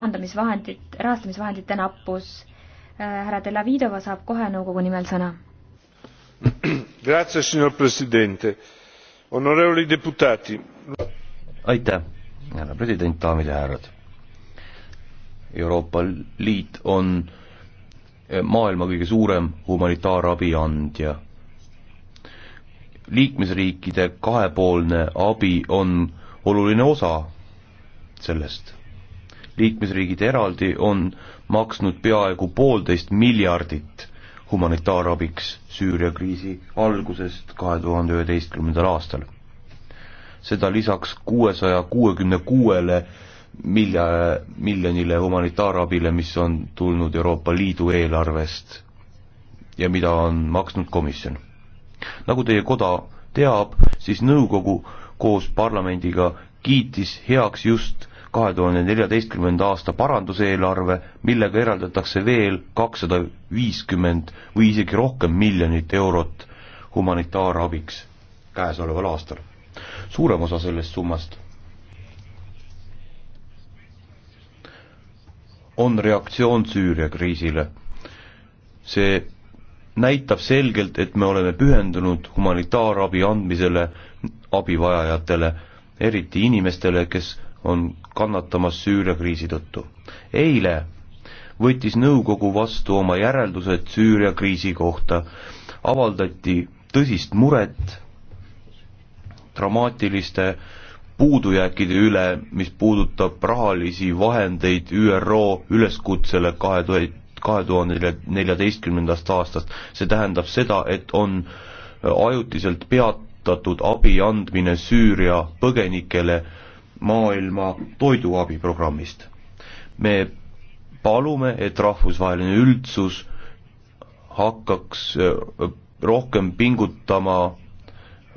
rahandamisvahendid, rahastamisvahendite nappus. Äh, härra Della Vidova saab kohe nõukogu nimel sõna. aitäh, härra president, daamid ja härrad. Euroopa Liit on maailma kõige suurem humanitaarabi andja. liikmesriikide kahepoolne abi on oluline osa sellest liikmesriigid eraldi on maksnud peaaegu poolteist miljardit humanitaarabiks Süüria kriisi algusest kahe tuhande üheteistkümnendal aastal. seda lisaks kuuesaja kuuekümne kuuele milja-, miljonile humanitaarabile, mis on tulnud Euroopa Liidu eelarvest ja mida on maksnud komisjon. nagu teie koda teab, siis nõukogu koos parlamendiga kiitis heaks just kahe tuhande neljateistkümnenda aasta paranduseelarve, millega eraldatakse veel kakssada viiskümmend või isegi rohkem miljonit eurot humanitaarabiks käesoleval aastal. suurem osa sellest summast on reaktsioon Süüria kriisile. see näitab selgelt, et me oleme pühendunud humanitaarabi andmisele abivajajatele eriti inimestele, kes on kannatamas Süüria kriisi tõttu. eile võttis nõukogu vastu oma järeldused Süüria kriisi kohta, avaldati tõsist muret dramaatiliste puudujääkide üle, mis puudutab rahalisi vahendeid ÜRO üleskutsele kahe tuhande, kahe tuhande neljateistkümnendast aastast. see tähendab seda, et on ajutiselt peat-, peatatud abi andmine Süüria põgenikele maailma toiduabiprogrammist. me palume, et rahvusvaheline üldsus hakkaks äh, rohkem pingutama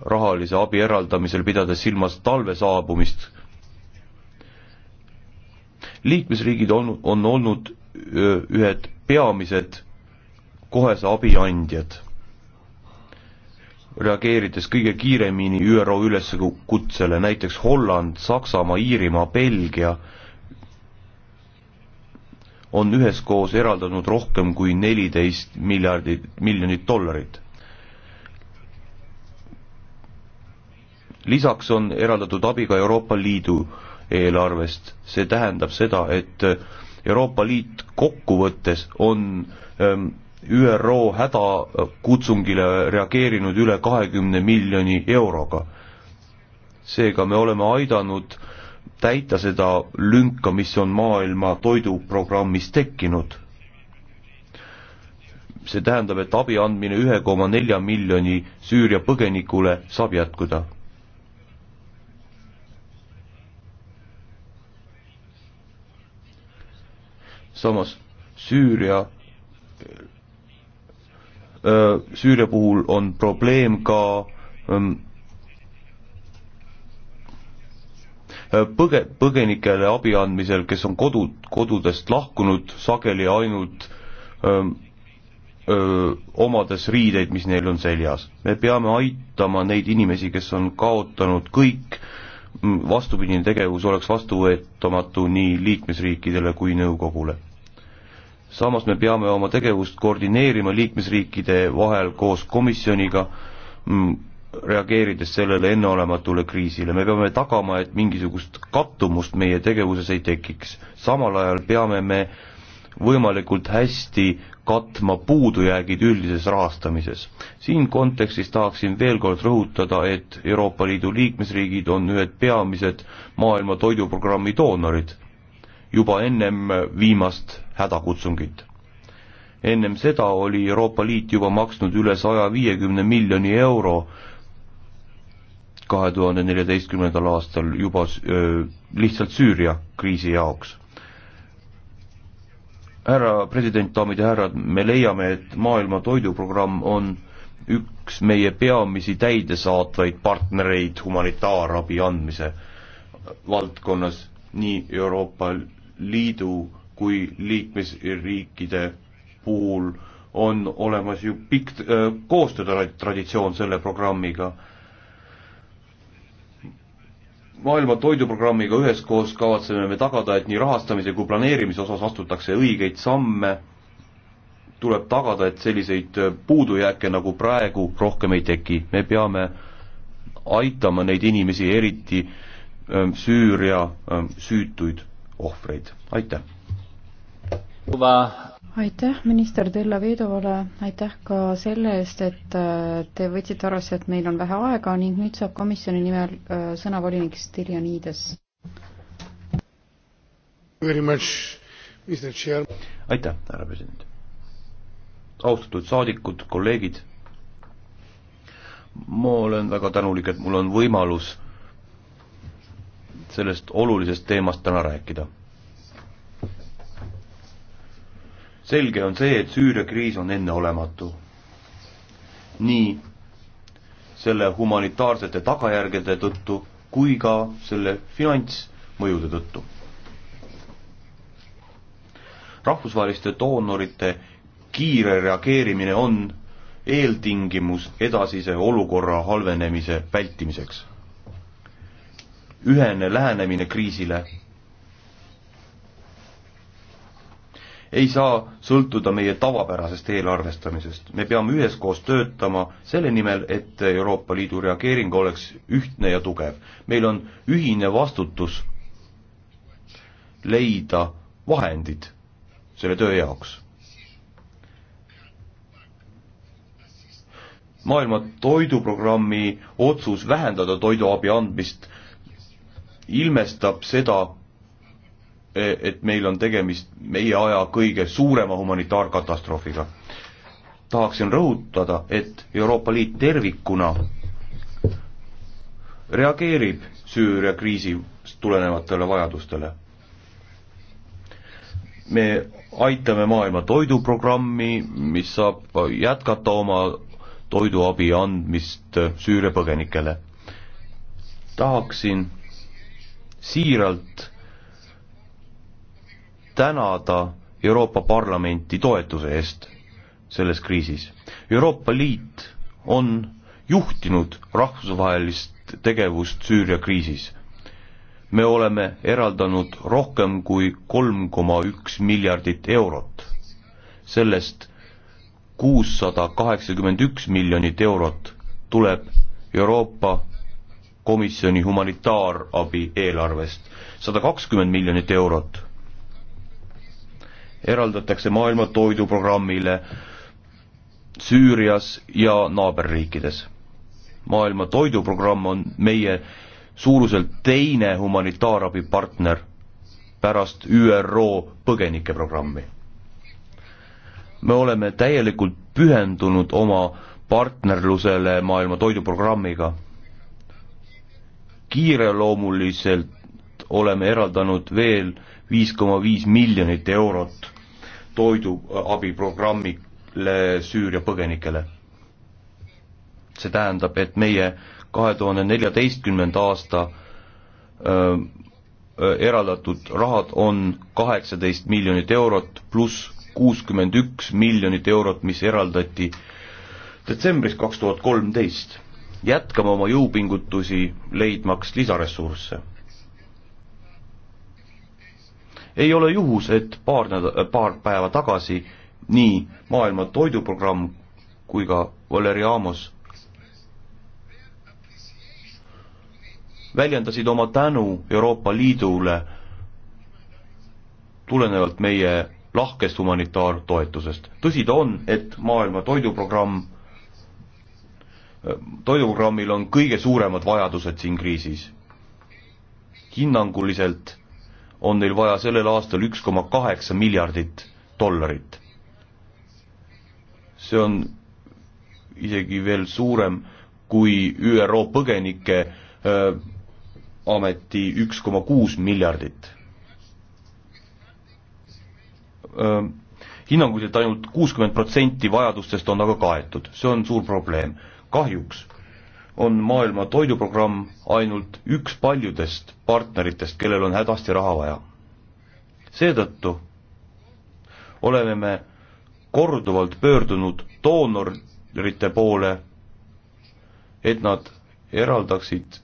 rahalise abi eraldamisel, pidades silmas talve saabumist. liikmesriigid on, on olnud äh, ühed peamised kohese abi andjad reageerides kõige kiiremini ÜRO üleskutsele, näiteks Holland, Saksamaa, Iirimaa, Belgia on üheskoos eraldanud rohkem kui neliteist miljardit, miljonit dollarit. lisaks on eraldatud abi ka Euroopa Liidu eelarvest, see tähendab seda, et Euroopa Liit kokkuvõttes on ähm, ÜRO hädakutsungile reageerinud üle kahekümne miljoni euroga. seega me oleme aidanud täita seda lünka, mis on maailma toiduprogrammis tekkinud. see tähendab, et abi andmine ühe koma nelja miljoni Süüria põgenikule saab jätkuda. samas Süüria Süüria puhul on probleem ka põge-, põgenikele abi andmisel, kes on kodu, kodudest lahkunud, sageli ainult öö, öö, omades riideid, mis neil on seljas. me peame aitama neid inimesi, kes on kaotanud kõik, vastupidine tegevus oleks vastuvõetamatu nii liikmesriikidele kui nõukogule samas me peame oma tegevust koordineerima liikmesriikide vahel koos komisjoniga, mm, reageerides sellele enneolematule kriisile, me peame tagama, et mingisugust kattumust meie tegevuses ei tekiks. samal ajal peame me võimalikult hästi katma puudujäägid üldises rahastamises. siin kontekstis tahaksin veel kord rõhutada, et Euroopa Liidu liikmesriigid on ühed peamised maailma toiduprogrammi doonorid. juba ennem viimast hädakutsungit. ennem seda oli Euroopa Liit juba maksnud üle saja viiekümne miljoni euro kahe tuhande neljateistkümnendal aastal juba öö, lihtsalt Süüria kriisi jaoks. härra president, daamid ja härrad, me leiame, et Maailma Toiduprogramm on üks meie peamisi täidesaatvaid partnereid humanitaarabi andmise valdkonnas nii Euroopa Liidu kui liikmesriikide puhul on olemas ju pikk äh, koostöötraditsioon selle programmiga. maailma toiduprogrammiga üheskoos kavatseme me tagada, et nii rahastamise kui planeerimise osas astutakse õigeid samme, tuleb tagada, et selliseid äh, puudujääke nagu praegu rohkem ei teki, me peame aitama neid inimesi, eriti äh, Süüria süütuid ohvreid, aitäh! aitäh minister Della Vedovale, aitäh ka selle eest, et äh, te võtsite arvesse, et meil on vähe aega ning nüüd saab komisjoni nimel äh, sõna volinik Stiljanides. aitäh, härra president. austatud saadikud, kolleegid, ma olen väga tänulik, et mul on võimalus sellest olulisest teemast täna rääkida selge on see, et Süüria kriis on enneolematu. nii selle humanitaarsete tagajärgede tõttu kui ka selle finantsmõjude tõttu. rahvusvaheliste doonorite kiire reageerimine on eeltingimus edasise olukorra halvenemise vältimiseks. ühene lähenemine kriisile ei saa sõltuda meie tavapärasest eelarvestamisest. me peame üheskoos töötama selle nimel, et Euroopa Liidu reageering oleks ühtne ja tugev. meil on ühine vastutus leida vahendid selle töö jaoks. maailma Toiduprogrammi otsus vähendada toiduabi andmist ilmestab seda, Eh, et meil on tegemist meie aja kõige suurema humanitaarkatastroofiga. tahaksin rõhutada, et Euroopa Liit tervikuna reageerib Süüria kriisist tulenevatele vajadustele. me aitame maailma toiduprogrammi, mis saab jätkata oma toiduabi andmist Süüria põgenikele. tahaksin siiralt tänada Euroopa Parlamenti toetuse eest selles kriisis. Euroopa Liit on juhtinud rahvusvahelist tegevust Süüria kriisis. me oleme eraldanud rohkem kui kolm koma üks miljardit eurot. sellest kuussada kaheksakümmend üks miljonit eurot tuleb Euroopa Komisjoni humanitaarabi eelarvest, sada kakskümmend miljonit eurot eraldatakse Maailma Toiduprogrammile Süürias ja naaberriikides. maailma Toiduprogramm on meie suuruselt teine humanitaarabipartner pärast ÜRO põgenikeprogrammi. me oleme täielikult pühendunud oma partnerlusele Maailma Toiduprogrammiga. kiireloomuliselt oleme eraldanud veel viis koma viis miljonit eurot toiduabiprogrammile äh, Süüria põgenikele. see tähendab, et meie kahe tuhande neljateistkümnenda aasta öö, äh, äh, eraldatud rahad on kaheksateist miljonit eurot pluss kuuskümmend üks miljonit eurot, mis eraldati detsembris kaks tuhat kolmteist. jätkame oma jõupingutusi, leidmaks lisaressursse ei ole juhus, et paar näda-, äh, paar päeva tagasi nii Maailma Toiduprogramm kui ka Valeri Amos väljendasid oma tänu Euroopa Liidule tulenevalt meie lahkest humanitaartoetusest. tõsi ta on, et Maailma Toiduprogramm, äh, toiduprogrammil on kõige suuremad vajadused siin kriisis. hinnanguliselt on neil vaja sellel aastal üks koma kaheksa miljardit dollarit. see on isegi veel suurem kui ÜRO põgenike äh, ameti üks koma kuus miljardit äh,. hinnanguliselt ainult kuuskümmend protsenti vajadustest on aga kaetud, see on suur probleem. kahjuks on Maailma Toiduprogramm ainult üks paljudest partneritest, kellel on hädasti raha vaja. seetõttu oleme me korduvalt pöördunud doonorite poole, et nad eraldaksid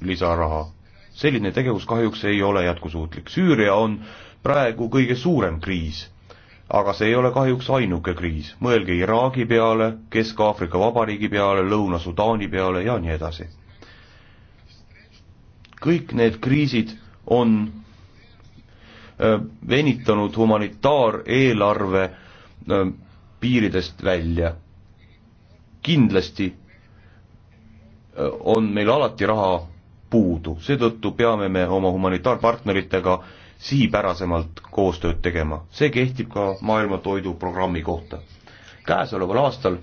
lisaraha. selline tegevus kahjuks ei ole jätkusuutlik. Süüria on praegu kõige suurem kriis aga see ei ole kahjuks ainuke kriis, mõelge Iraagi peale, Kesk-Aafrika Vabariigi peale, Lõuna-Sudaani peale ja nii edasi. kõik need kriisid on äh, venitanud humanitaareelarve äh, piiridest välja. kindlasti äh, on meil alati raha puudu, seetõttu peame me oma humanitaarpartneritega äh, sihipärasemalt koostööd tegema. see kehtib ka Maailma Toiduprogrammi kohta. käesoleval aastal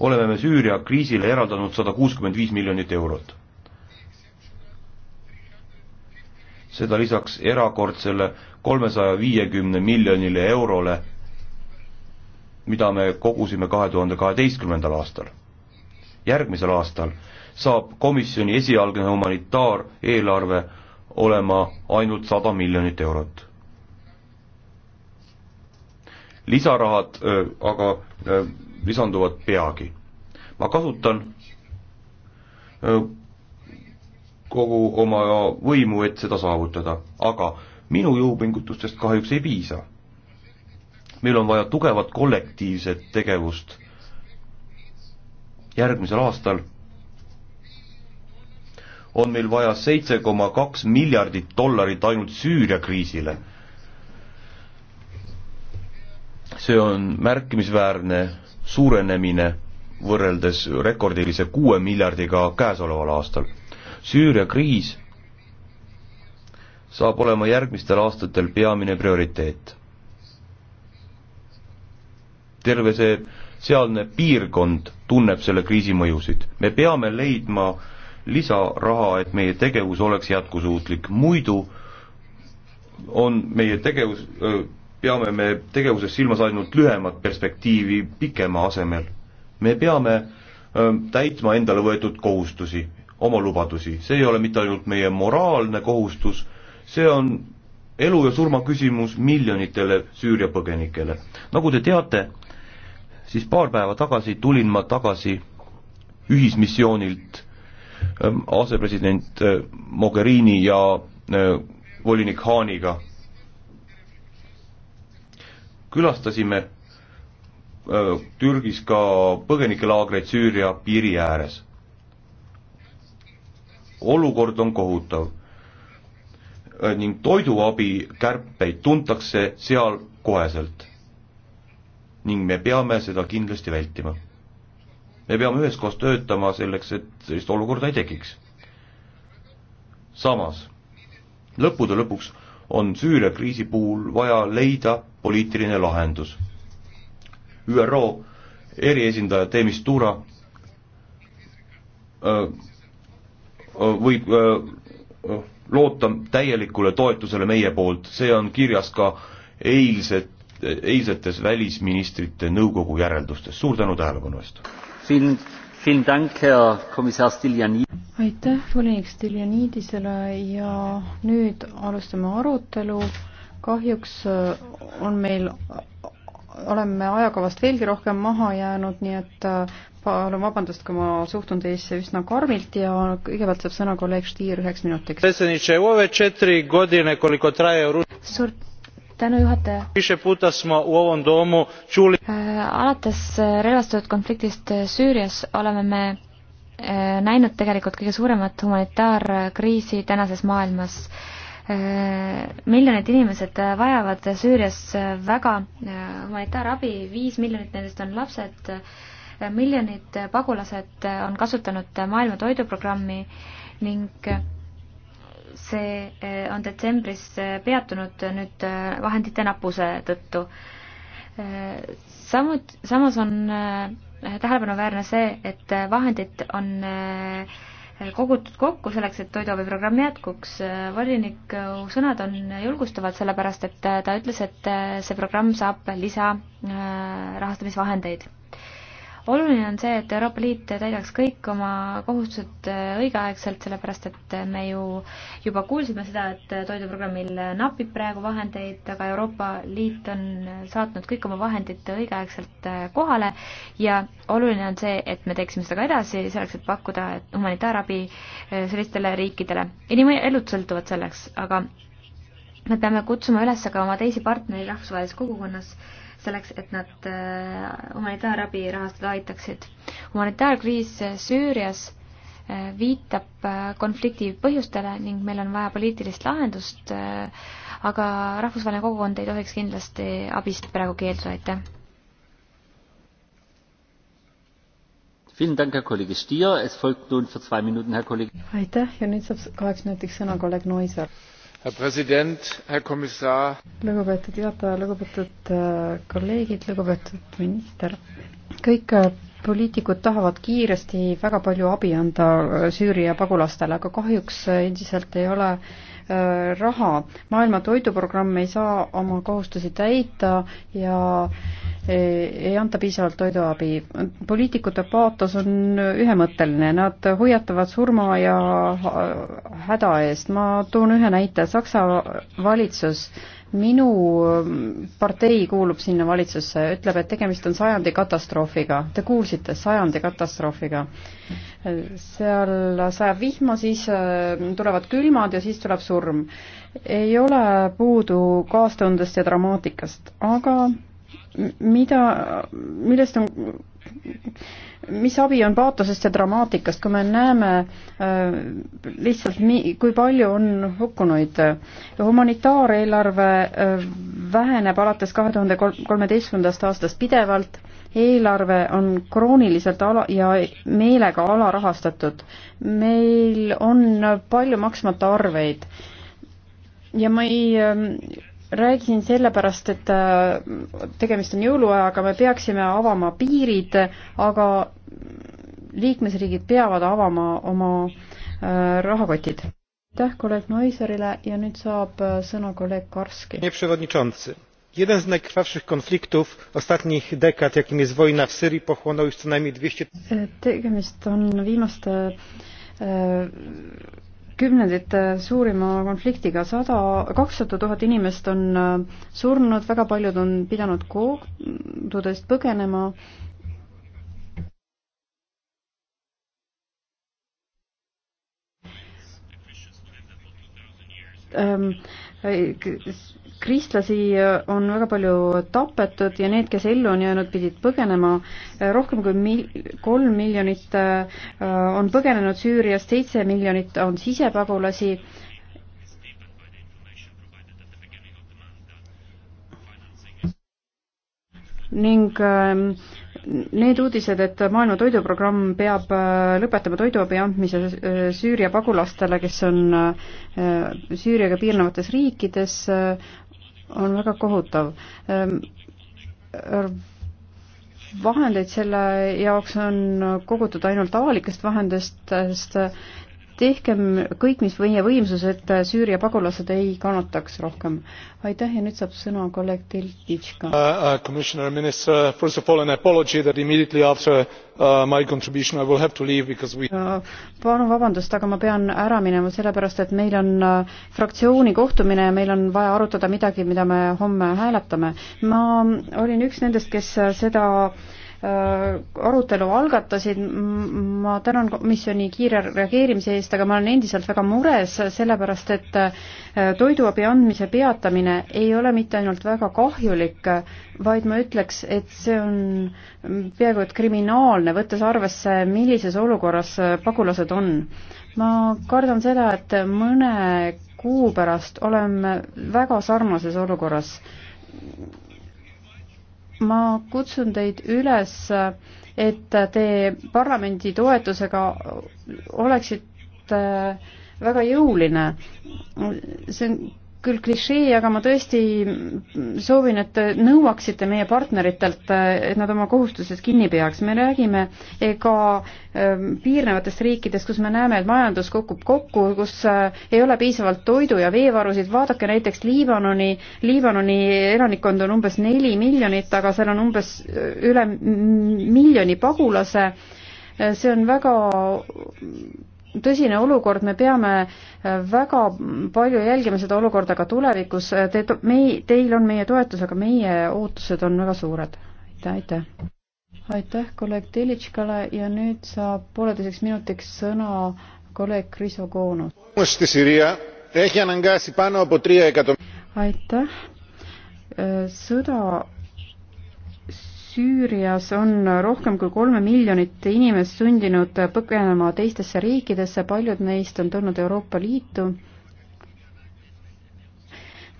oleme me Süüria kriisile eraldanud sada kuuskümmend viis miljonit eurot. seda lisaks erakordsele kolmesaja viiekümne miljonile eurole, mida me kogusime kahe tuhande kaheteistkümnendal aastal. järgmisel aastal saab komisjoni esialgne humanitaareelarve olema ainult sada miljonit eurot. lisarahad äh, aga äh, lisanduvad peagi. ma kasutan äh, kogu oma võimu, et seda saavutada, aga minu jõupingutustest kahjuks ei piisa. meil on vaja tugevat kollektiivset tegevust järgmisel aastal on meil vaja seitse koma kaks miljardit dollarit ainult Süüria kriisile. see on märkimisväärne suurenemine võrreldes rekordilise kuue miljardiga käesoleval aastal. Süüria kriis saab olema järgmistel aastatel peamine prioriteet. terve see sealne piirkond tunneb selle kriisi mõjusid. me peame leidma äh, lisaraha, et meie tegevus oleks jätkusuutlik, muidu on meie tegevus, peame me tegevuses silmas ainult lühemat perspektiivi pikema asemel. me peame täitma endale võetud kohustusi, oma lubadusi, see ei ole mitte ainult meie moraalne kohustus, see on elu ja surma küsimus miljonitele Süüria põgenikele. nagu te teate, siis paar päeva tagasi tulin ma tagasi ühismissioonilt Ehm, asepresident eh, Mogherini ja eh, volinik Haaniga. külastasime eh, Türgis ka põgenikelaagreid Süüria piiri ääres. olukord on kohutav ning toiduabi kärpeid tuntakse seal koheselt. ning me peame seda kindlasti vältima me peame üheskoos töötama selleks, et sellist olukorda ei tekiks. samas, lõppude lõpuks on Süüria kriisi puhul vaja leida poliitiline lahendus. ÜRO eriesindaja Demis Tura äh, äh, võib äh, loota täielikule toetusele meie poolt, see on kirjas ka eilset, eilsetes välisministrite nõukogu järeldustes, suur tänu tähelepanu eest! aitäh volinik Stiljanidisele ja nüüd alustame arutelu. kahjuks äh, on meil, oleme ajakavast veelgi rohkem maha jäänud, nii et äh, palun vabandust, kui ma suhtun teisse üsna karmilt ja kõigepealt saab sõna kolleeg Stier üheks minutiks. suur tänu, juhataja. Äh, alates äh, relvastatud konfliktist äh, Süürias oleme me näinud tegelikult kõige suuremat humanitaarkriisi tänases maailmas. Miljonid inimesed vajavad Süürias väga humanitaarabi, viis miljonit nendest on lapsed, miljonid pagulased on kasutanud Maailma Toiduprogrammi ning see eh, on detsembris eh, peatunud nüüd eh, vahendite napuse tõttu. Samut-, samas on tähelepanuväärne see, et vahendid on kogutud kokku selleks, et toiduabiprogramm jätkuks. voliniku sõnad on julgustavad, sellepärast et ta ütles, et see programm saab lisa rahastamisvahendeid oluline on see, et Euroopa Liit täidaks kõik oma kohustused äh, õigeaegselt, sellepärast et me ju juba kuulsime seda, et äh, toiduprogrammil napib praegu vahendeid, aga Euroopa Liit on saatnud kõik oma vahendid õigeaegselt äh, kohale ja oluline on see, et me teeksime seda ka edasi, selleks et pakkuda humanitaarabi sellistele riikidele. inimelud sõltuvad selleks, aga me peame kutsuma üles ka oma teisi partnereid rahvusvahelises kogukonnas äh, selleks, et nad äh, humanitaarabi rahastada aitaksid. humanitaarkriis äh, Süürias äh, viitab konflikti põhjustele ning meil on vaja poliitilist lahendust, aga rahvusvaheline kogukond ei tohiks kindlasti abist praegu keelduda, aitäh. aitäh ja nüüd saab kaheks minutiks sõna kolleeg Noisaar lugupeetud juhataja, lugupeetud äh, kolleegid, lugupeetud minister. kõik äh, poliitikud tahavad kiiresti väga palju abi anda äh, Süüria pagulastele, aga kahjuks endiselt ei ole raha. maailma Toiduprogramm ei saa oma kohustusi täita ja äh, ei anta piisavalt toiduabi. poliitikute paatos on ühemõtteline, nad hoiatavad surma ja häda eest. ma toon ühe näite, Saksa valitsus minu partei kuulub sinna valitsusse, ütleb, et tegemist on sajandi katastroofiga. Te kuulsite, sajandi katastroofiga. seal sajab vihma, siis äh, tulevad külmad ja siis tuleb surm. ei ole puudu kaastundest ja dramaatikast, aga mida, millest on mis abi on paatosest ja dramaatikast, kui me näeme äh, lihtsalt nii, kui palju on hukkunuid. humanitaareelarve äh, väheneb alates kahe tuhande kolmeteistkümnendast aastast pidevalt, eelarve on krooniliselt ala- ja meelega alarahastatud. meil on palju maksmata arveid ja ma ei äh, räägin sellepärast, et äh, tegemist on jõuluajaga, me peaksime avama piirid, aga liikmesriigid peavad avama oma äh, rahakotid. aitäh kolleeg Noiserile ja nüüd saab äh, sõna kolleeg Karski. Jeden z najkrwawszych konfliktów ostatnich dekad, jakim jest wojna w Syrii, pochłonął już co najmniej 200... Tegemist on viimaste e, kümnendite äh, suurima konfliktiga, sada, kakssada tuhat inimest on äh, surnud, väga paljud on pidanud kohtudest põgenema. ähm, kristlasi äh, on väga palju tapetud ja need, kes ellu on jäänud, pidid põgenema. Äh, rohkem kui mi-, kolm miljonit äh, on põgenenud Süüriast, seitse miljonit on sisepagulasi. ning need uudised, et Maailma Toiduprogramm peab lõpetama toiduabi andmise Süüria pagulastele, kes on Süüriaga piirnevates riikides, on väga kohutav. Ehm, vahendeid selle jaoks on kogutud ainult avalikest vahenditest tehkem kõik, mis meie võimsus, et Süüria pagulased ei kannataks rohkem. aitäh ja nüüd saab sõna kolleeg Tiltitška uh, uh,. Commissioner, minister, first of all an apology that immediately after uh, my contribution I will have to leave because we uh, palun vabandust, aga ma pean ära minema, sellepärast et meil on uh, fraktsiooni kohtumine ja meil on vaja arutada midagi, mida me homme hääletame. ma olin üks nendest, kes uh, seda uh, Äh, arutelu algatasid. ma tänan komisjoni kiire reageerimise eest, aga ma olen endiselt väga mures, sellepärast et äh, toiduabi andmise peatamine ei ole mitte ainult väga kahjulik, vaid ma ütleks, et see on mm, peaaegu et kriminaalne, võttes arvesse, millises olukorras äh, pagulased on. ma kardan seda, et mõne kuu pärast oleme väga sarnases olukorras ma kutsun teid üles, et te parlamendi toetusega oleksite väga jõuline. see on küll klišee, aga ma tõesti soovin, et nõuaksite meie partneritelt, et nad oma kohustusest kinni peaks. me räägime ka ähm, piirnevatest riikidest, kus me näeme, et majandus kukub kokku, kus äh, ei ole piisavalt toidu ja veevarusid. vaadake näiteks Liibanoni, Liibanoni elanikkond on umbes neli miljonit, aga seal on umbes äh, üle miljoni pagulase. Äh, see on väga tõsine olukord, me peame äh, väga palju jälgima seda olukorda ka tulevikus, äh, te, me, teil on meie toetus, aga meie ootused on väga suured. aitäh, aitäh! aitäh kolleeg Telitškale ja nüüd saab pooleteiseks minutiks sõna kolleeg Kriso Koonus. aitäh! Äh, sõda Süürias on rohkem kui kolme miljonit inimest sundinud põgenema teistesse riikidesse, paljud neist on tulnud Euroopa Liitu.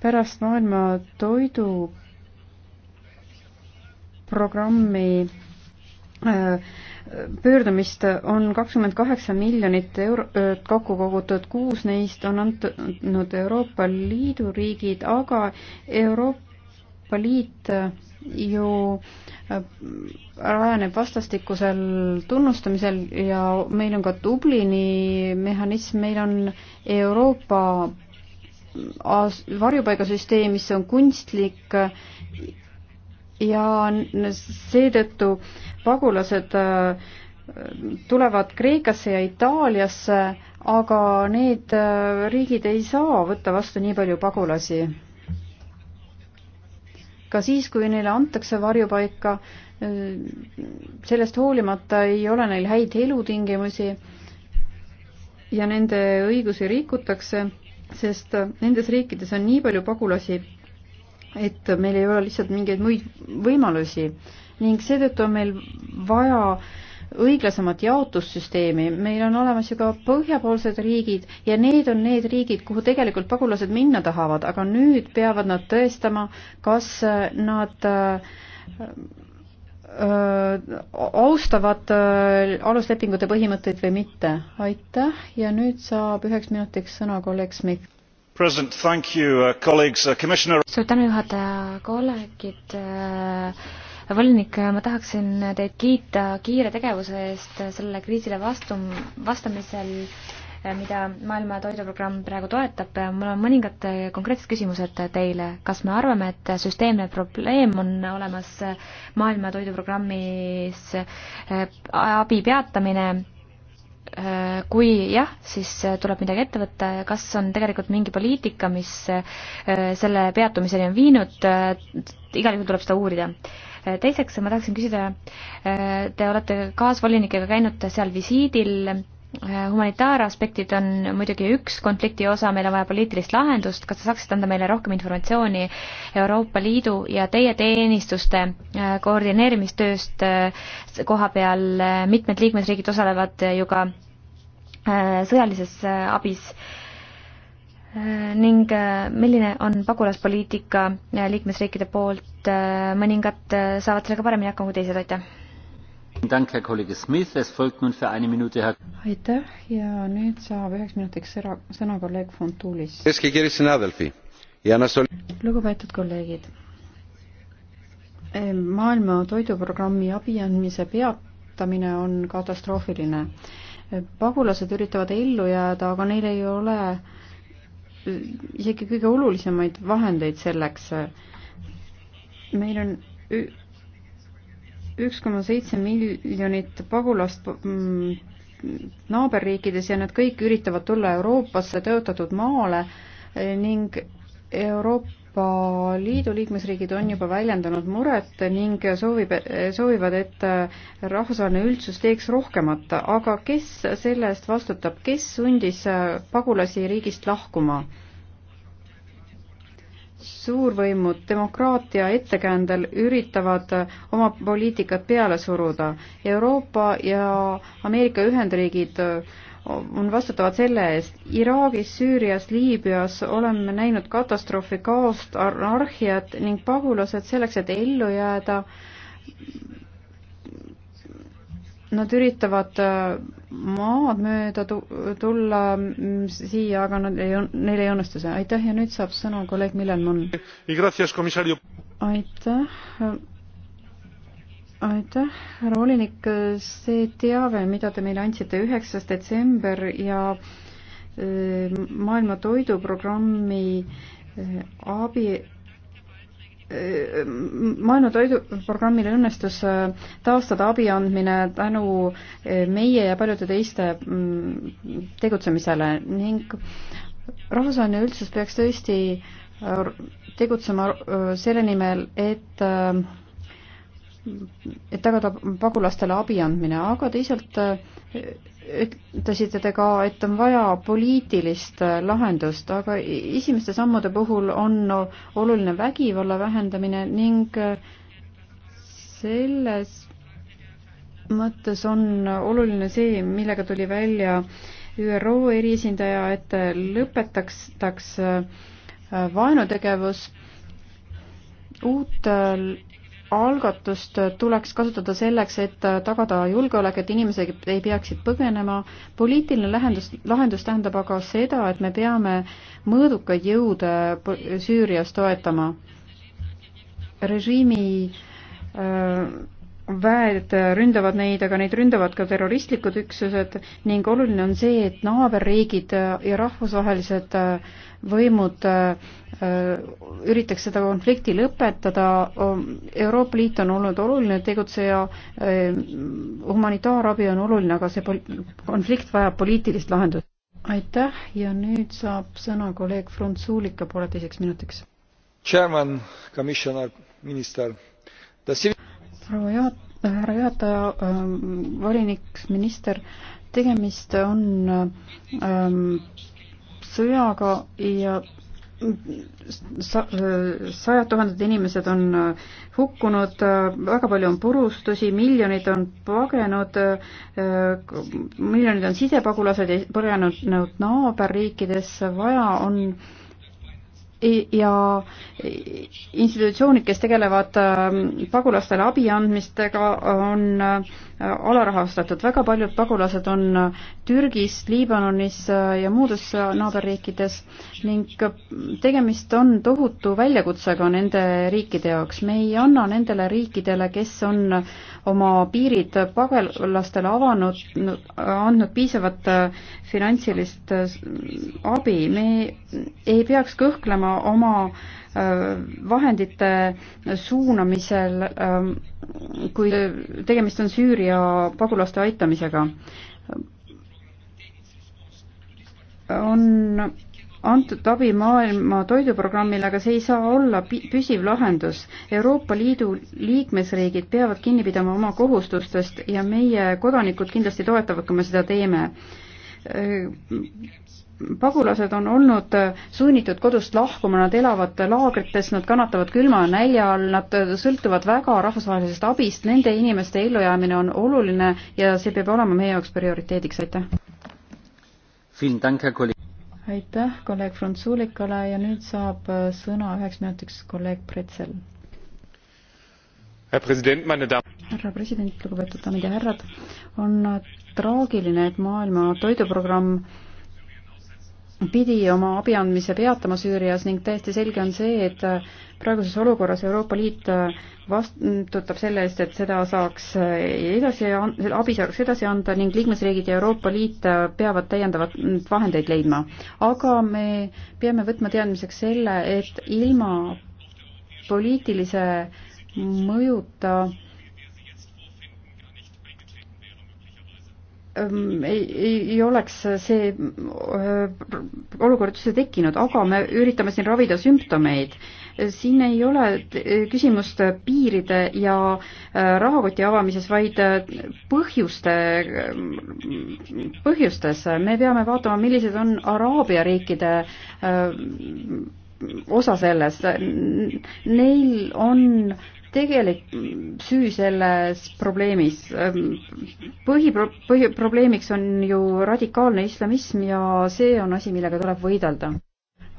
pärast maailma toiduprogrammi äh, pöördumist on kakskümmend kaheksa miljonit eurot äh, kokku kogutud, kuus neist on antud Euroopa Liidu riigid, aga Euroopa Euroopa Liit äh, ju äh, rajaneb vastastikusel tunnustamisel ja meil on ka Dublini mehhanism, meil on Euroopa varjupaigasüsteem, mis on kunstlik äh, ja seetõttu pagulased tulevad Kreekasse ja Itaaliasse, aga need riigid ei saa võtta vastu nii palju pagulasi ka siis, kui neile antakse varjupaika, sellest hoolimata ei ole neil häid elutingimusi ja nende õigusi rikutakse, sest nendes riikides on nii palju pagulasi, et meil ei ole lihtsalt mingeid muid võimalusi ning seetõttu on meil vaja äh, õiglasemat jaotussüsteemi, meil on olemas ju ka põhjapoolsed riigid ja need on need riigid, kuhu tegelikult pagulased minna tahavad, aga nüüd peavad nad tõestama, kas äh, nad äh, äh, austavad aluslepingute põhimõtteid või mitte. aitäh ja nüüd saab üheks minutiks sõna kolleeg Smith. President, thank you uh,, colleagues uh,, commissioner. suur tänu, juhataja, kolleegid uh, volinik, ma tahaksin teid kiita kiire tegevuse eest sellele kriisile vastu, vastamisel, eh, mida Maailma Toiduprogramm praegu toetab. mul on mõningad eh, konkreetsed küsimused teile. kas me arvame, et süsteemne probleem on olemas Maailma Toiduprogrammis eh, abi peatamine? kui jah, siis tuleb midagi ette võtta ja kas on tegelikult mingi poliitika, mis selle peatumiseni on viinud, igal juhul tuleb seda uurida Eh, teiseks ma tahaksin küsida, eh, te olete kaasvolinikega käinud seal visiidil, eh, humanitaaraspektid on muidugi üks konflikti osa, meil on vaja poliitilist lahendust, kas te saaksite anda meile rohkem informatsiooni Euroopa Liidu ja teie teenistuste koordineerimistööst koha peal, mitmed liikmesriigid osalevad ju ka sõjalises abis Äh, ning äh, milline on pagulaspoliitika äh, liikmesriikide poolt, mõningad saavad sellega paremini hakkama kui teised, aitäh. aitäh ja nüüd saab üheks minutiks sõna, sõna kolleeg Fontulis. lugupeetud kolleegid, maailma toiduprogrammi abi andmise peatamine on katastroofiline. pagulased üritavad ellu jääda, aga neil ei ole äh, isegi kõige olulisemaid vahendeid selleks. meil on üks koma seitse miljonit pagulast mm, naaberriikides ja nad kõik üritavad tulla Euroopasse tõotatud maale ning Euroopa Liidu liikmesriigid on juba väljendanud muret ning soovib, soovivad, et rahvusvaheline üldsus teeks rohkemat, aga kes selle eest vastutab, kes sundis pagulasi riigist lahkuma? suurvõimud demokraatia ettekäändel üritavad oma poliitikat peale suruda. Euroopa ja Ameerika Ühendriigid äh, on vastutavad selle eest. Iraagis, Süürias, Liibüas oleme näinud katastroofi, kaost, anarhiat ning pagulased selleks, et ellu jääda, nad üritavad äh, maad mööda tulla mm, siia, aga nad ei, neil ei õnnestu see. aitäh ja nüüd saab sõna kolleeg Millen Mann. aitäh aitäh, härra volinik, see teave, mida te meile andsite üheksas detsember ja e, maailma toiduprogrammi e, abi e, maailma toiduprogrammil õnnestus taastada abi andmine tänu meie ja paljude teiste mm, tegutsemisele ning rahvusvaheline üldsus peaks tõesti tegutsema selle nimel, et et tagada pagulastele abi andmine, aga teisalt äh, ütlesite te ka, et on vaja poliitilist äh, lahendust, aga esimeste sammude puhul on oluline vägivalla vähendamine ning äh, selles mõttes on oluline see, millega tuli välja ÜRO eriesindaja, et lõpetataks vaenutegevus uut algatust tuleks kasutada selleks, et tagada julgeolek, et inimesed ei peaksid põgenema. poliitiline lahendus, lahendus tähendab aga seda, et me peame mõõdukaid jõude Süürias toetama. režiimi öö, äh, väed ründavad neid, aga neid ründavad ka terroristlikud üksused ning oluline on see, et naaberriigid ja rahvusvahelised võimud äh, üritaks seda konflikti lõpetada. Euroopa Liit on olnud oluline tegutseja, äh, humanitaarabi on oluline, aga see konflikt vajab poliitilist lahendust. aitäh ja nüüd saab sõna kolleeg Frunzulika pooleteiseks minutiks. Chairman, commissioner, minister. The civil proua juhat-, härra juhataja, ähm, volinik, minister, tegemist on ähm, sõjaga ja sa-, sajad tuhanded inimesed on äh, hukkunud, äh, väga palju on purustusi, miljonid on pagenud, äh, miljonid on sisepagulased ja põgenenud naaberriikidesse, vaja on äh, ja institutsioonid, kes tegelevad ähm, pagulastele abi andmistega, on äh, alarahastatud. väga paljud pagulased on äh, Türgis, Liibanonis äh, ja muudes naaberriikides ning tegemist on tohutu väljakutsega nende riikide jaoks. me ei anna nendele riikidele, kes on oma piirid pagulastele avanud, andnud piisavat finantsilist abi. me ei peaks kõhklema oma vahendite suunamisel, kui tegemist on Süüria pagulaste aitamisega. on antud abi Maailma Toiduprogrammile, aga see ei saa olla püsiv lahendus. Euroopa Liidu liikmesriigid peavad kinni pidama oma kohustustest ja meie kodanikud kindlasti toetavad, kui me seda teeme. Äh, pagulased on olnud äh, sunnitud kodust lahkuma, nad elavad laagrites, nad kannatavad külma ja nälja all, nad äh, sõltuvad väga rahvusvahelisest abist, nende inimeste ellujäämine on oluline ja see peab olema meie jaoks prioriteediks, aitäh. aitäh kolleeg Frantsuulikale ja nüüd saab sõna üheks minutiks kolleeg Pretzel. härra president, lugupeetud daamid ja härrad, on traagiline, et maailma toiduprogramm pidi oma abi andmise peatama Süürias ning täiesti selge on see, et praeguses olukorras Euroopa Liit vastutab selle eest, et seda saaks edasi, selle abi saaks edasi anda ning liikmesriigid ja Euroopa Liit peavad täiendavat vahendeid leidma. aga me peame võtma teadmiseks selle, et ilma poliitilise mõjuta äh, Ehm, ei, ei oleks see olukord üldse tekkinud, aga me üritame siin ravida sümptomeid. siin ei ole küsimust piiride ja rahakoti avamises, vaid põhjuste, põhjustes. me peame vaatama, millised on Araabia riikide osa sellest. Neil on äh, tegelik süü selles probleemis? põhipro-, põhiprobleemiks on ju radikaalne islamism ja see on asi, millega tuleb võidelda.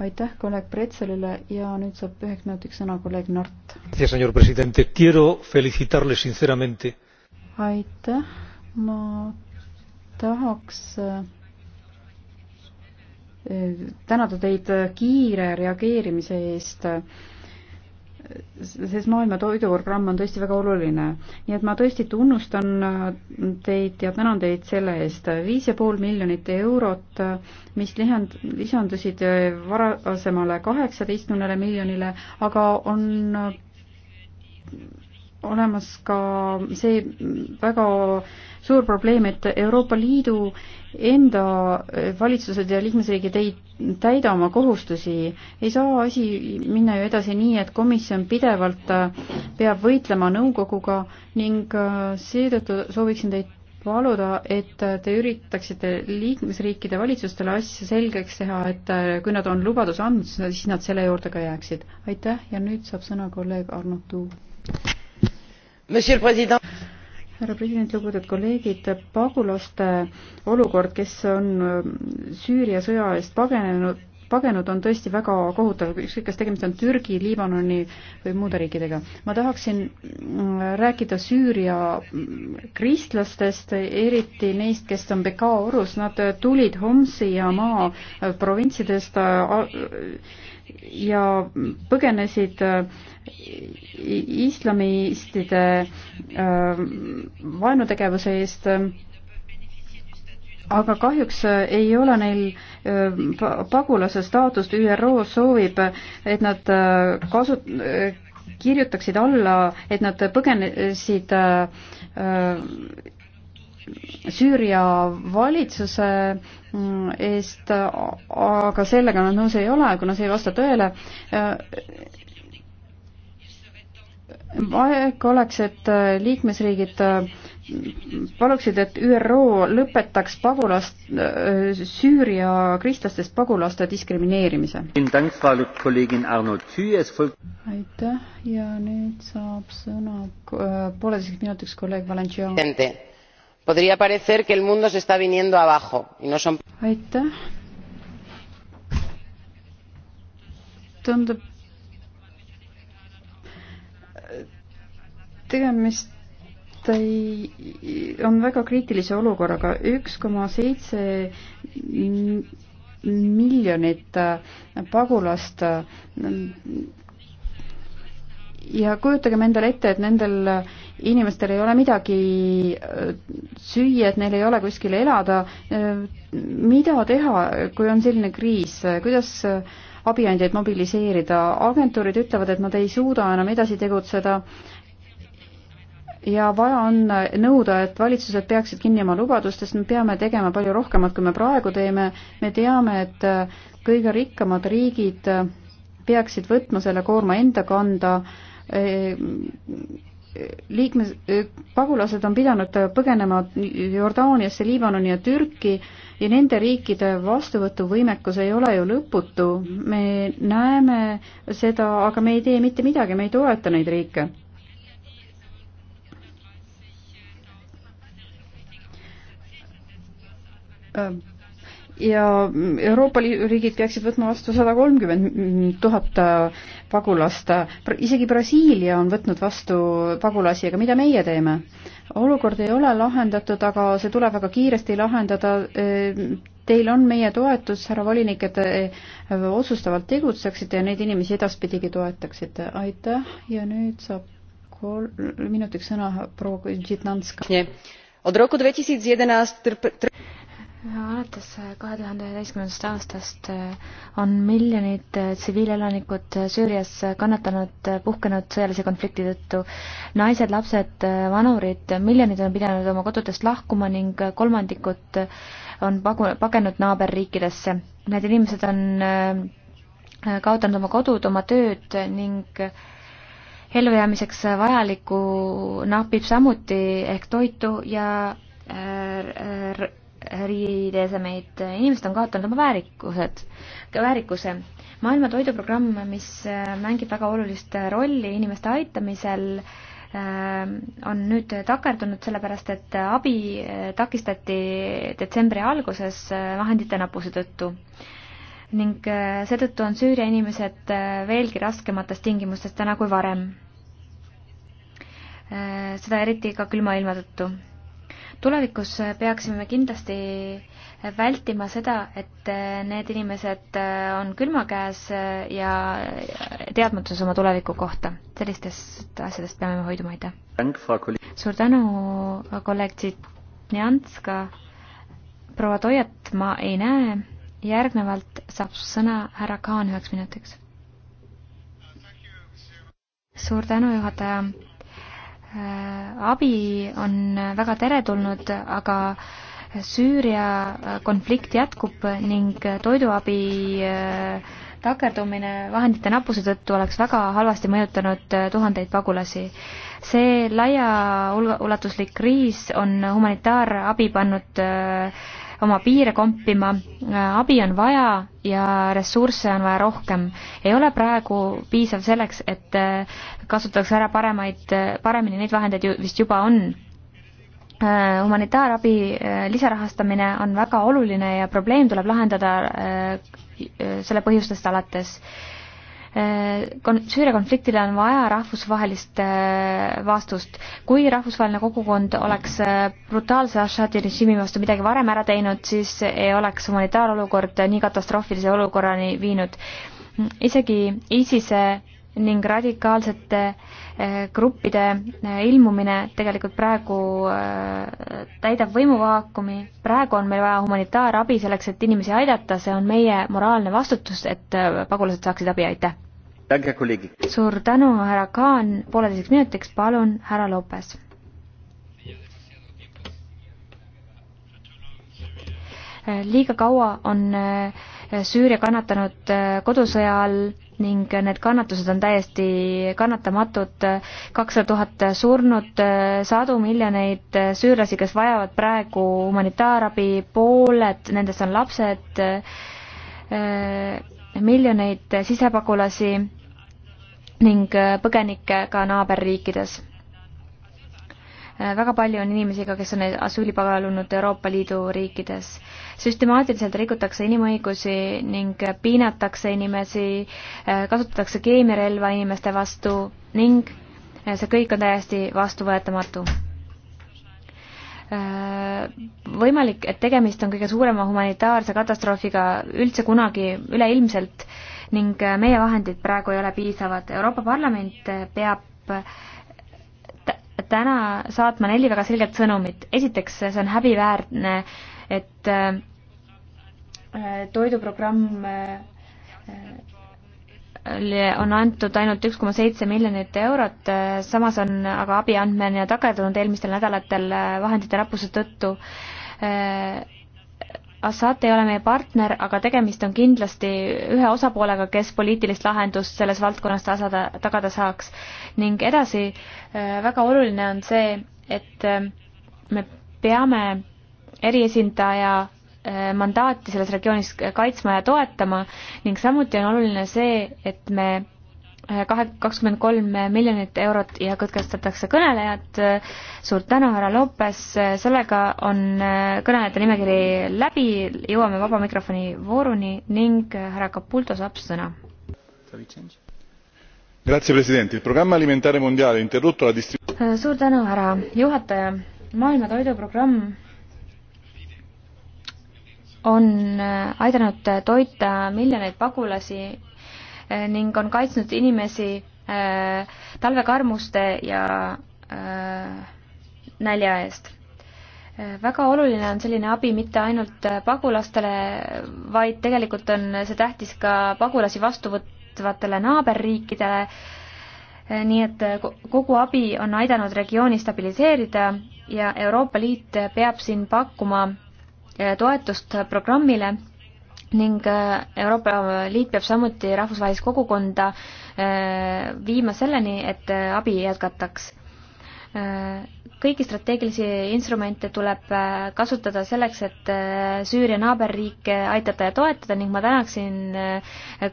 aitäh kolleeg Pretzelile ja nüüd saab üheks minutiks sõna kolleeg Nart. aitäh, ma tahaks eh, tänada teid kiire reageerimise eest äh, sest Maailma Toiduprogramm on tõesti väga oluline. nii et ma tõesti tunnustan teid ja tänan teid selle eest. viis ja pool miljonit eurot, mis lihand-, lisandusid varasemale kaheksateistkümnele miljonile, aga on olemas ka see väga suur probleem, et Euroopa Liidu enda valitsused ja liikmesriigid ei täida oma kohustusi. ei saa asi minna ju edasi nii, et komisjon pidevalt peab võitlema nõukoguga ning seetõttu sooviksin teid paluda, et te üritaksite liikmesriikide valitsustele asja selgeks teha, et kui nad on lubaduse andnud, siis nad selle juurde ka jääksid. aitäh ja nüüd saab sõna kolleeg Arno Tuu härra president, lugupeetud kolleegid, pagulaste olukord, kes on äh, Süüria sõja eest pagenenud, pagenud on tõesti väga kohutav, ükskõik kas tegemist on Türgi, Liibanoni või muude riikidega. ma tahaksin mm, rääkida Süüria mm, kristlastest, eriti neist, kes on Bekaa orus, nad tulid Homsi ja Maa äh, provintsidest äh, äh, ja põgenesid islamistide vaenutegevuse eest aga kahjuks äh, ei ole neil äh, pagulase staatust, ÜRO soovib, et nad äh, kasu-, kirjutaksid alla, et nad põgenesid Süüria valitsuse mm, eest, aga sellega nad nõus ei ole, kuna see ei vasta tõele aeg oleks, et liikmesriigid paluksid, et ÜRO lõpetaks pagulast, Süüria kristlastest pagulaste diskrimineerimise. aitäh ja nüüd saab sõna äh, pooleteiseks minutiks kolleeg Valencia. Podría parecer que el mundo se está viniendo abajo y no son. aitäh. tundub äh, tegemist ei, on väga kriitilise olukorraga, üks koma seitse miljonit äh, pagulast äh, ja kujutagem endale ette, et nendel inimestel ei ole midagi äh, süüa, et neil ei ole kuskil elada. mida teha, kui on selline kriis, kuidas abiandjaid mobiliseerida, agentuurid ütlevad, et nad ei suuda enam edasi tegutseda ja vaja on nõuda, et valitsused peaksid kinni oma lubadustest, me peame tegema palju rohkemat, kui me praegu teeme, me teame, et kõige rikkamad riigid peaksid võtma selle koorma enda kanda, e, liikmes, e, pagulased on pidanud põgenema Jordaaniasse, Liibanoni ja Türki ja nende riikide vastuvõtuvõimekus ei ole ju lõputu. me näeme seda, aga me ei tee mitte midagi, me ei toeta neid riike Äh, ja Euroopa Liidu riigid peaksid võtma vastu sada kolmkümmend tuhat äh, pagulast. isegi Brasiilia on võtnud vastu pagulasi, aga mida meie teeme? olukord ei ole lahendatud, aga see tuleb väga kiiresti lahendada. Äh, teil on meie toetus, härra volinik, et te otsustavalt tegutseksite ja neid inimesi edaspidigi toetaksite. aitäh ja nüüd saab kol-, minutiks sõna proua Žitnanska. od roku 2011 trp- alates äh, kahe tuhande üheteistkümnendast aastast äh, on miljonid äh, tsiviilelanikud Süürias kannatanud puhkenud sõjalise konflikti tõttu. naised, lapsed, vanurid, miljonid on pidanud oma kodudest lahkuma ning kolmandikud on pagu-, pagenud naaberriikidesse. Need inimesed on kaotanud oma kodud, oma tööd ning ellujäämiseks vajalikku napib samuti ehk toitu ja riideesemeid, inimesed on kaotanud oma väärikused, väärikuse. maailma toiduprogramm, mis äh, mängib väga olulist rolli inimeste aitamisel, äh, on nüüd takerdunud, sellepärast et abi äh, takistati detsembri alguses vahendite napuse tõttu. ning seetõttu on Süüria inimesed veelgi raskemates tingimustes täna kui varem. seda eriti ka külma ilma tõttu tulevikus peaksime kindlasti vältima seda, et need inimesed on külma käes ja teadmatuses oma tuleviku kohta. sellistest asjadest peame me hoiduma, aitäh. suur tänu, kolleeg Tsitnjanska. proua Toiet ma ei näe. järgnevalt saab sõna härra Kaan üheks minutiks. suur tänu, juhataja Äh, abi on väga teretulnud, aga Süüria äh, konflikt jätkub ning toiduabi äh, takerdumine vahendite nappuse tõttu oleks väga halvasti mõjutanud tuhandeid pagulasi. see laiaulatuslik kriis on humanitaarabi pannud äh, oma piire kompima, abi on vaja ja ressursse on vaja rohkem. ei ole praegu piisav selleks, et äh, kasutatakse ära paremaid, äh, paremini neid vahendeid ju vist juba on äh, humanitaarabi lisarahastamine on väga oluline ja probleem tuleb lahendada selle põhjustest alates. Äh, kon-, Süüria konfliktile on vaja rahvusvahelist äh, vastust. kui rahvusvaheline kogukond oleks äh, brutaalse Assadi režiimi vastu midagi varem ära teinud, siis ei oleks humanitaarolukord nii katastroofilise olukorrani viinud. isegi ISISe ning radikaalsete eh, gruppide eh, ilmumine tegelikult praegu eh, täidab võimuvaakumi. praegu on meil vaja humanitaarabi selleks, et inimesi aidata, see on meie moraalne vastutus, et pagulased saaksid abi, aitäh! suur tänu, härra Kaan, pooleteiseks minutiks palun, härra Lopes. liiga kaua on Süüria kannatanud kodusõja all ning need kannatused on täiesti kannatamatud, kakssada tuhat surnut, sadu miljoneid süürlasi, kes vajavad praegu humanitaarabi, pooled nendest on lapsed, miljoneid sisepagulasi ning põgenikke ka naaberriikides Äh, väga palju on inimesi ka, kes on asüüli palunud Euroopa Liidu riikides. süstemaatiliselt rikutakse inimõigusi ning piinatakse inimesi, äh, kasutatakse keemiarelva inimeste vastu ning äh, see kõik on täiesti vastuvõetamatu võimalik, et tegemist on kõige suurema humanitaarse katastroofiga üldse kunagi üleilmselt ning meie vahendid praegu ei ole piisavad. Euroopa Parlament peab täna saatma neli väga selget sõnumit. esiteks, see on häbiväärne, et äh, toiduprogramm äh, äh, on antud ainult üks koma seitse miljonit eurot, samas on aga abi andmine takerdunud eelmistel nädalatel vahendite nappuse tõttu Assad ei ole meie partner, aga tegemist on kindlasti ühe osapoolega, kes poliitilist lahendust selles valdkonnas tasada, tagada saaks. ning edasi, äh, väga oluline on see, et äh, me peame eriesindaja äh, mandaati selles regioonis kaitsma ja toetama ning samuti on oluline see, et me Eh, kahe, kakskümmend kolm miljonit eurot ja katkestatakse kõnelejad. suur tänu, härra Lopes, eh, sellega on eh, kõnelejate nimekiri läbi, jõuame vaba mikrofoni vooruni ning härra Capulto saab sõna. suur tänu, härra juhataja. maailma toiduprogramm on aidanud toita miljoneid pagulasi Eh, ning on kaitsnud inimesi eh, talvekarmuste ja eh, nälja eest. väga oluline on selline abi mitte ainult pagulastele, vaid tegelikult on see tähtis ka pagulasi vastu võtvatele naaberriikidele, nii et kogu abi on aidanud regiooni stabiliseerida ja Euroopa Liit peab siin pakkuma toetust programmile ning äh, Euroopa Liit peab samuti rahvusvahelist kogukonda äh, viima selleni, et äh, abi jätkataks. kõiki strateegilisi instrumente tuleb kasutada selleks, et Süüria naaberriike aitada ja toetada ning ma tänaksin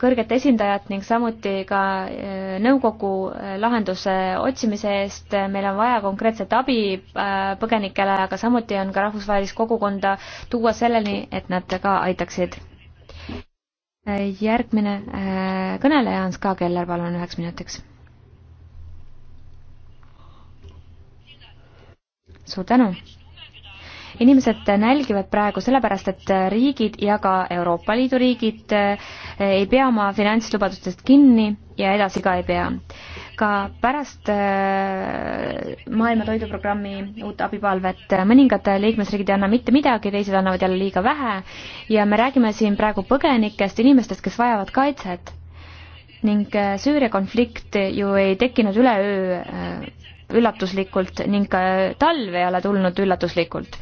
kõrget esindajat ning samuti ka nõukogu lahenduse otsimise eest. meil on vaja konkreetset abi põgenikele, aga samuti on ka rahvusvahelist kogukonda tuua selleni, et nad ka aitaksid järgmine äh, kõneleja on Ska Keller, palun üheks minutiks. suur tänu. inimesed nälgivad praegu sellepärast, et riigid ja ka Euroopa Liidu riigid äh, ei pea oma finantslubadustest kinni ja edasi ka ei pea. ka pärast äh, Maailma Toiduprogrammi uut abipalvet äh, mõningad liikmesriigid ei anna mitte midagi, teised annavad jälle liiga vähe ja me räägime siin praegu põgenikest, inimestest, kes vajavad kaitset. ning äh, Süüria konflikt ju ei tekkinud üleöö üllatuslikult ning ka talv ei ole tulnud üllatuslikult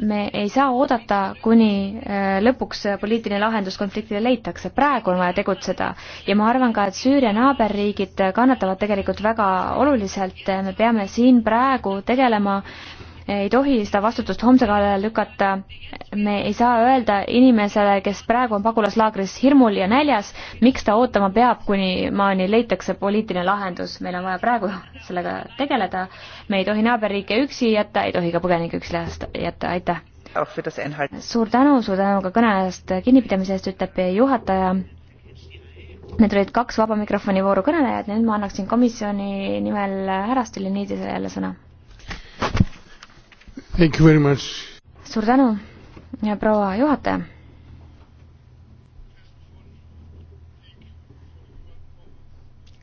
me ei saa oodata, kuni äh, lõpuks poliitiline lahendus konfliktile leitakse, praegu on vaja tegutseda. ja ma arvan ka, et Süüria naaberriigid kannatavad tegelikult väga oluliselt, me peame siin praegu tegelema äh, ei tohi seda vastutust homse kallale lükata. me ei saa öelda inimesele, kes praegu on pagulaslaagris hirmul ja näljas, miks ta ootama peab, kuni maani leitakse poliitiline lahendus. meil on vaja praegu sellega tegeleda. me ei tohi naaberriike üksi jätta, ei tohi ka põgenikke üksi jätta, aitäh. suur tänu, suur tänu ka kõne eest kinnipidamise eest, ütleb juhataja Need olid kaks vaba mikrofoni vooru kõnelejat, nüüd ma annaksin komisjoni nimel härra Stiljanidisele jälle sõna suur tänu, proua juhataja.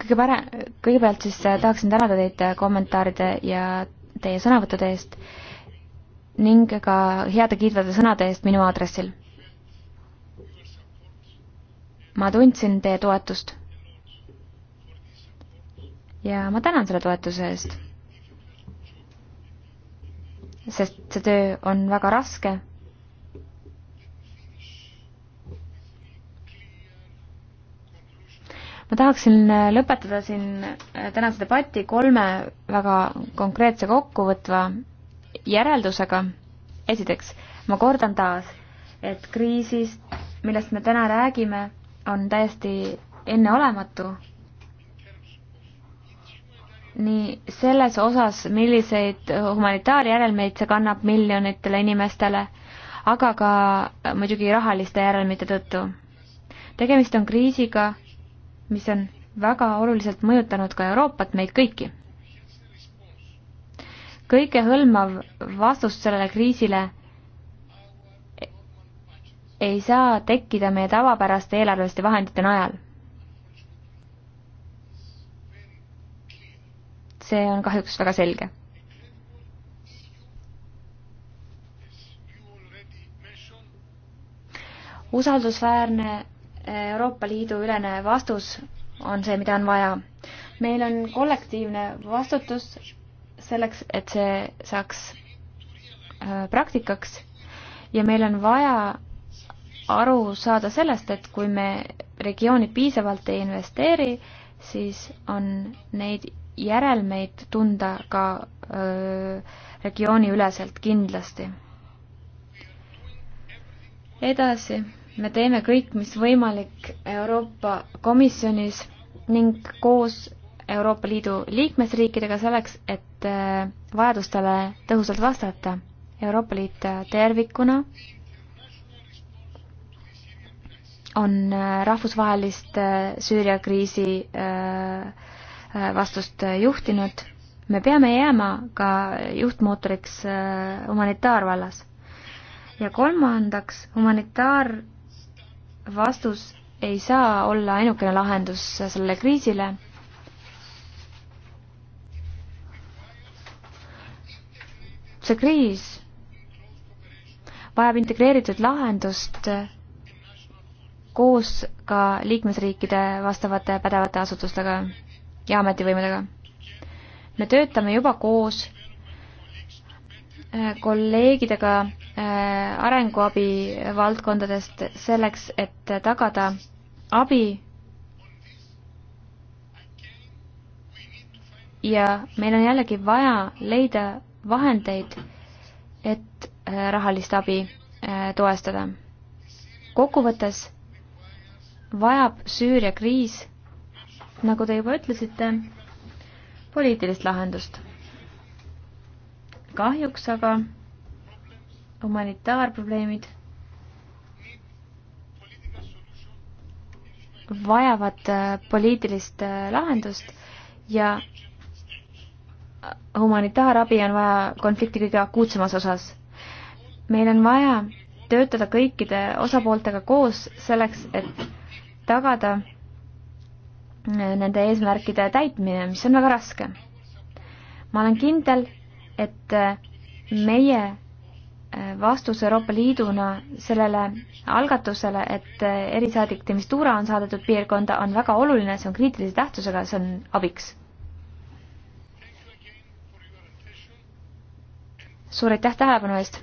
kõige pare-, kõigepealt siis äh, tahaksin tänada teid äh, kommentaaride ja teie sõnavõttude eest ning ka heade kiitvate sõnade eest minu aadressil. ma tundsin teie toetust. ja ma tänan selle toetuse eest sest see töö on väga raske. ma tahaksin lõpetada siin tänase debati kolme väga konkreetse kokkuvõtva järeldusega. esiteks, ma kordan taas, et kriisist, millest me täna räägime, on täiesti enneolematu nii selles osas, milliseid humanitaarjärelmeid see kannab miljonitele inimestele, aga ka muidugi rahaliste järelmite tõttu. tegemist on kriisiga, mis on väga oluliselt mõjutanud ka Euroopat, meid kõiki. kõikehõlmav vastus sellele kriisile ei saa tekkida meie tavapäraste eelarveliste vahendite najal see on kahjuks väga selge. usaldusväärne eh, Euroopa Liidu ülene vastus on see, mida on vaja. meil on kollektiivne vastutus selleks, et see saaks eh, praktikaks ja meil on vaja aru saada sellest, et kui me regiooni piisavalt ei investeeri, siis on neid järelmeid tunda ka regiooniüleselt kindlasti. edasi, me teeme kõik, mis võimalik Euroopa Komisjonis ning koos Euroopa Liidu liikmesriikidega selleks, et vajadustele tõhusalt vastata. Euroopa Liit tervikuna on rahvusvahelist Süüria kriisi äh, Äh, vastust äh, juhtinud. me peame jääma ka juhtmootoriks äh, humanitaarvallas. ja kolmandaks, humanitaarvastus ei saa olla ainukene lahendus sellele kriisile see kriis vajab integreeritud lahendust koos ka liikmesriikide vastavate pädevate asutustega ja ametivõimudega. me töötame juba koos äh, kolleegidega äh, arenguabi valdkondadest selleks, et tagada abi ja meil on jällegi vaja leida vahendeid, et äh, rahalist abi toestada. kokkuvõttes vajab Süüria kriis nagu te juba ütlesite, poliitilist lahendust. kahjuks aga humanitaarprobleemid vajavad äh, poliitilist äh, lahendust ja humanitaarabi on vaja konflikti kõige akuutsemas osas. meil on vaja töötada kõikide osapooltega koos selleks, et tagada nende eesmärkide täitmine, mis on väga raske. ma olen kindel, et meie äh, vastus Euroopa Liiduna sellele algatusele, et äh, erisaadik Demistura on saadetud piirkonda, on väga oluline, see on kriitilise tähtsusega, see on abiks. suur aitäh tähelepanu eest!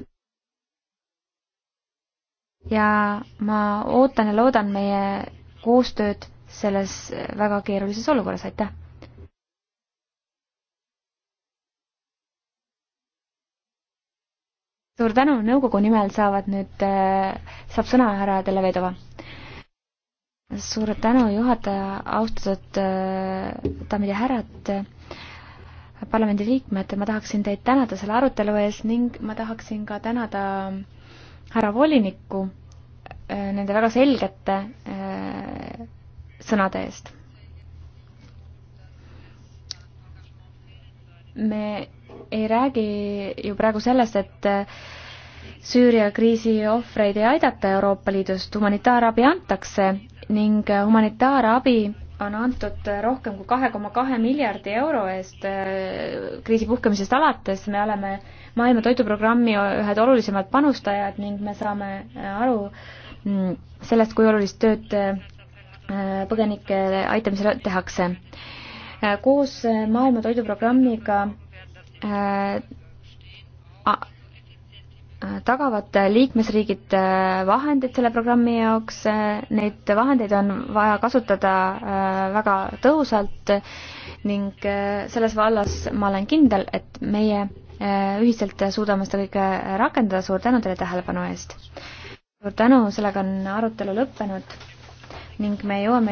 ja ma ootan ja loodan meie koostööd selles väga keerulises olukorras, aitäh! suur tänu, nõukogu nimel saavad nüüd, äh, saab sõna härra Delevedova. suur tänu, juhataja, austatud äh, daamid ja härrad, äh, parlamendiliikmed, ma tahaksin teid tänada selle arutelu eest ning ma tahaksin ka tänada härra volinikku nende väga selgete sõnade eest. me ei räägi ju praegu sellest, et äh, Süüria kriisi ohvreid ei aidata Euroopa Liidust, humanitaarabi antakse ning äh, humanitaarabi on antud äh, rohkem kui kahe koma kahe miljardi euro eest kriisi puhkemisest alates, me oleme maailma toiduprogrammi ühed olulisemad panustajad ning me saame aru mm, sellest, kui olulist tööd põgenike aitamisel tehakse. koos Maailma Toiduprogrammiga äh, tagavad liikmesriigid äh, vahendid selle programmi jaoks, neid vahendeid on vaja kasutada äh, väga tõhusalt ning selles vallas ma olen kindel, et meie ühiselt suudame seda kõike rakendada, suur tänu teile tähelepanu eest! suur tänu, sellega on arutelu lõppenud ning me jõuame